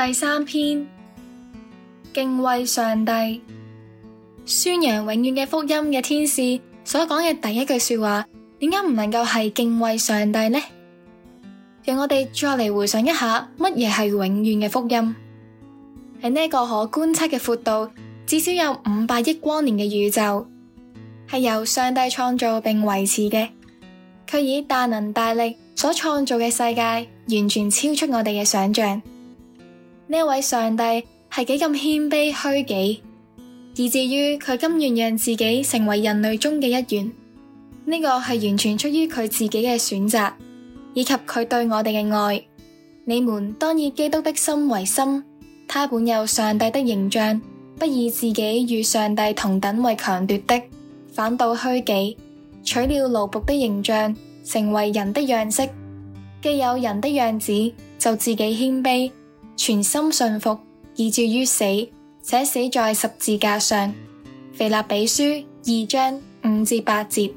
第三篇，敬畏上帝，宣揚永遠嘅福音嘅天使所講嘅第一句說話，點解唔能夠係敬畏上帝呢？讓我哋再嚟回想一下，乜嘢係永遠嘅福音？喺呢個可觀測嘅闊度，至少有五百億光年嘅宇宙，係由上帝創造並維持嘅，佢以大能大力所創造嘅世界，完全超出我哋嘅想象。呢位上帝係幾咁謙卑虛己，以至於佢甘願讓自己成為人類中嘅一員，呢、這個係完全出於佢自己嘅選擇，以及佢對我哋嘅愛。你們當以基督的心為心，他本有上帝的形象，不以自己與上帝同等為強奪的，反倒虛己，取了奴僕的形象，成為人的樣式。既有人的樣子，就自己謙卑。全心信服，以至於死，且死在十字架上。腓立比書二章五至八節。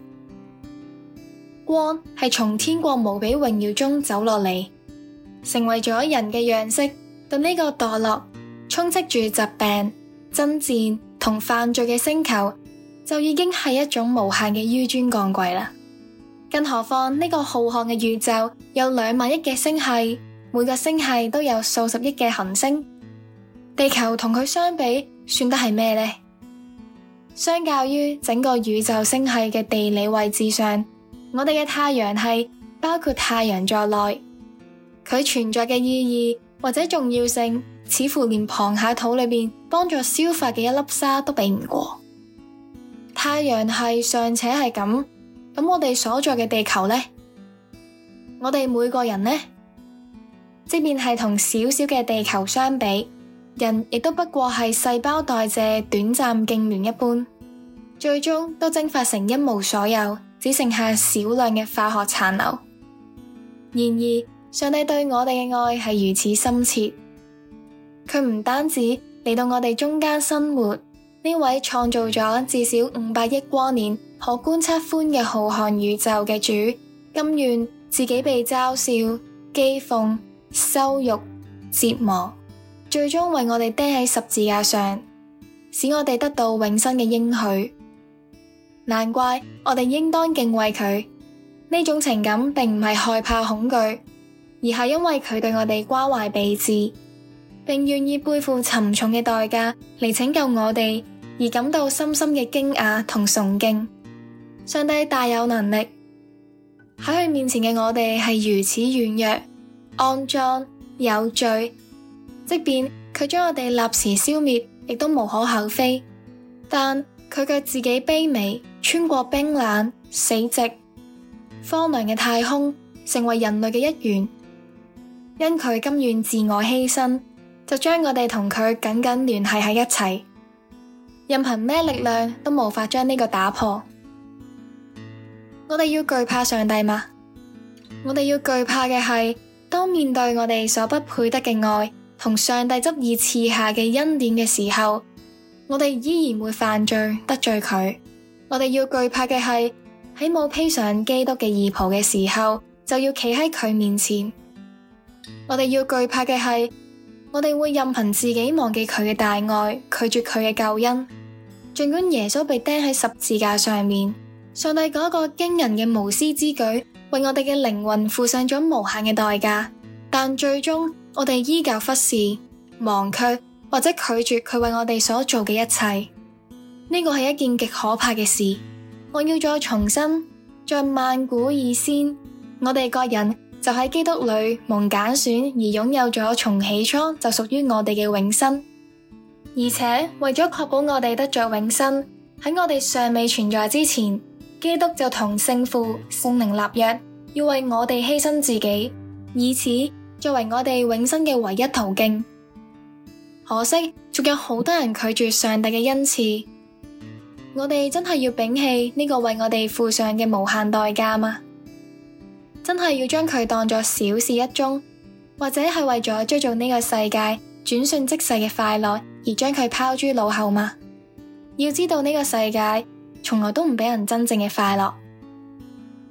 光係從天國無比榮耀中走落嚟，成為咗人嘅樣式。到呢個墮落、充斥住疾病、爭戰同犯罪嘅星球，就已經係一種無限嘅紆尊降貴啦。更何況呢個浩瀚嘅宇宙有兩萬億嘅星系。每個星系都有數十億嘅行星，地球同佢相比，算得係咩呢？相較於整個宇宙星系嘅地理位置上，我哋嘅太陽系包括太陽在內，佢存在嘅意義或者重要性，似乎連螃蟹肚裏面幫助消化嘅一粒沙都比唔過。太陽系尚且係咁。咁我哋所在嘅地球呢？我哋每個人呢？即便係同小小嘅地球相比，人亦都不過係細胞代謝短暫痙攣一般，最終都蒸發成一無所有，只剩下少量嘅化學殘留。然而，上帝對我哋嘅愛係如此深切，佢唔單止嚟到我哋中間生活，呢位創造咗至少五百億光年可觀測寬嘅浩瀚宇宙嘅主，甘願自己被嘲笑、譏諷。羞辱折磨，最終為我哋釘喺十字架上，使我哋得到永生嘅應許。難怪我哋應當敬畏佢。呢種情感，並唔係害怕恐懼，而係因為佢對我哋關懷備至，並願意背負沉重嘅代價嚟拯救我哋，而感到深深嘅驚訝同崇敬。上帝大有能力，喺佢面前嘅我哋係如此軟弱。骯髒有罪，即便佢將我哋立時消滅，亦都無可厚非。但佢嘅自己卑微，穿過冰冷、死寂、荒涼嘅太空，成為人類嘅一員。因佢甘願自我犧牲，就將我哋同佢緊緊聯繫喺一齊。任憑咩力量都無法將呢個打破。我哋要懼怕上帝嗎？我哋要懼怕嘅係當面對我哋所不配得嘅愛同上帝執意賜下嘅恩典嘅時候，我哋依然會犯罪得罪佢。我哋要懼怕嘅係喺冇披上基督嘅義袍嘅時候，就要企喺佢面前。我哋要懼怕嘅係，我哋會任憑自己忘記佢嘅大愛，拒絕佢嘅救恩。盡管耶穌被釘喺十字架上面，上帝嗰個驚人嘅無私之舉，為我哋嘅靈魂付上咗無限嘅代價，但最終我哋依舊忽視、忘卻或者拒絕佢為我哋所做嘅一切。呢個係一件極可怕嘅事。我要再重申，在萬古以先，我哋各人就喺基督裏蒙揀選而擁有咗從起初就屬於我哋嘅永生。而且為咗確保我哋得着永生，喺我哋尚未存在之前。基督就同聖父、聖靈立約，要為我哋犧牲自己，以此作為我哋永生嘅唯一途徑。可惜，仲有好多人拒絕上帝嘅恩賜。我哋真係要摒棄呢個為我哋付上嘅無限代價嗎？真係要將佢當作小事一宗，或者係為咗追逐呢個世界轉瞬即逝嘅快樂而將佢拋諸腦後嗎？要知道呢個世界。從來都唔俾人真正嘅快樂，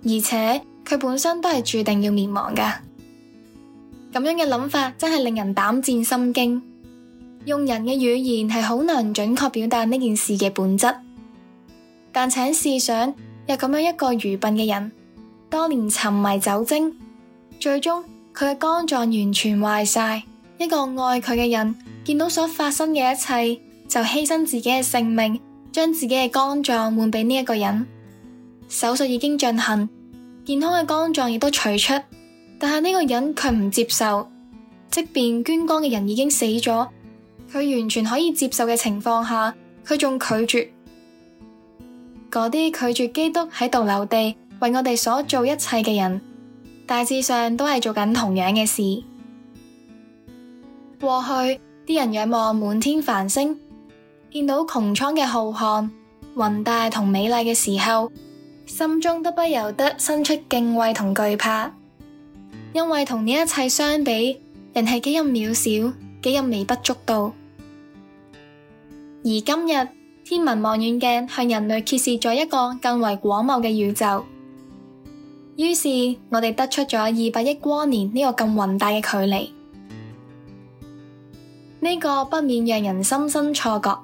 而且佢本身都係注定要滅亡㗎。咁樣嘅諗法真係令人膽戰心驚。用人嘅語言係好難準確表達呢件事嘅本質，但請試想，有咁樣一個愚笨嘅人，多年沉迷酒精，最終佢嘅肝臟完全壞晒。一個愛佢嘅人，見到所發生嘅一切，就犧牲自己嘅性命，將自己嘅肝臟換俾呢一個人，手術已經進行，健康嘅肝臟亦都取出，但係呢個人佢唔接受，即便捐肝嘅人已經死咗，佢完全可以接受嘅情況下，佢仲拒絕。嗰啲拒絕基督喺度留地為我哋所做一切嘅人，大致上都係做緊同樣嘅事。過去啲人仰望滿天繁星。見到穹蒼嘅浩瀚、宏大同美麗嘅時候，心中都不由得生出敬畏同懼怕，因為同呢一切相比，人係幾咁渺小，幾咁微不足道。而今日天文望遠鏡向人類揭示咗一個更為廣袤嘅宇宙，於是我哋得出咗二百億光年呢個咁宏大嘅距離，呢、這個不免讓人深深錯覺。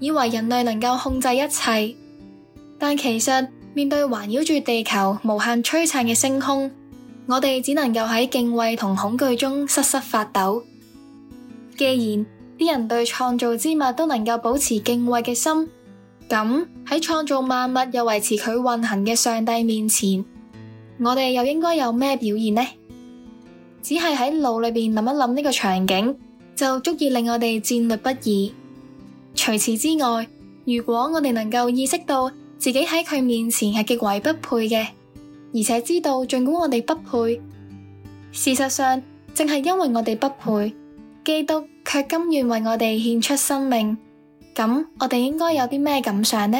以為人類能夠控制一切，但其實面對環繞住地球無限璀璨嘅星空，我哋只能夠喺敬畏同恐懼中瑟瑟發抖。既然啲人對創造之物都能夠保持敬畏嘅心，咁喺創造萬物又維持佢運行嘅上帝面前，我哋又應該有咩表現呢？只係喺腦裏邊諗一諗呢個場景，就足以令我哋戰慄不已。除此之外，如果我哋能夠意識到自己喺佢面前係極為不配嘅，而且知道盡管我哋不配，事實上正係因為我哋不配，基督卻甘願為我哋獻出生命，咁我哋應該有啲咩感想呢？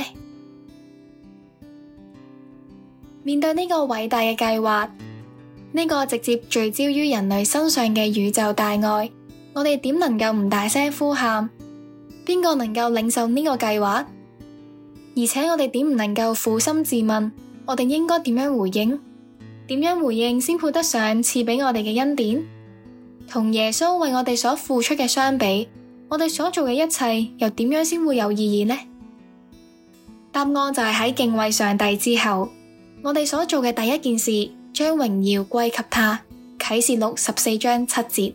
面對呢個偉大嘅計劃，呢個直接聚焦於人類身上嘅宇宙大愛，我哋點能夠唔大聲呼喊？邊個能夠領受呢個計劃？而且我哋點唔能夠負心自問？我哋應該點樣回應點樣回應先配得上賜畀我哋嘅恩典？同耶穌為我哋所付出嘅相比，我哋所做嘅一切又點樣先會有意義呢？答案就係喺敬畏上帝之後，我哋所做嘅第一件事，將榮耀歸給他。啟示錄十四章七節。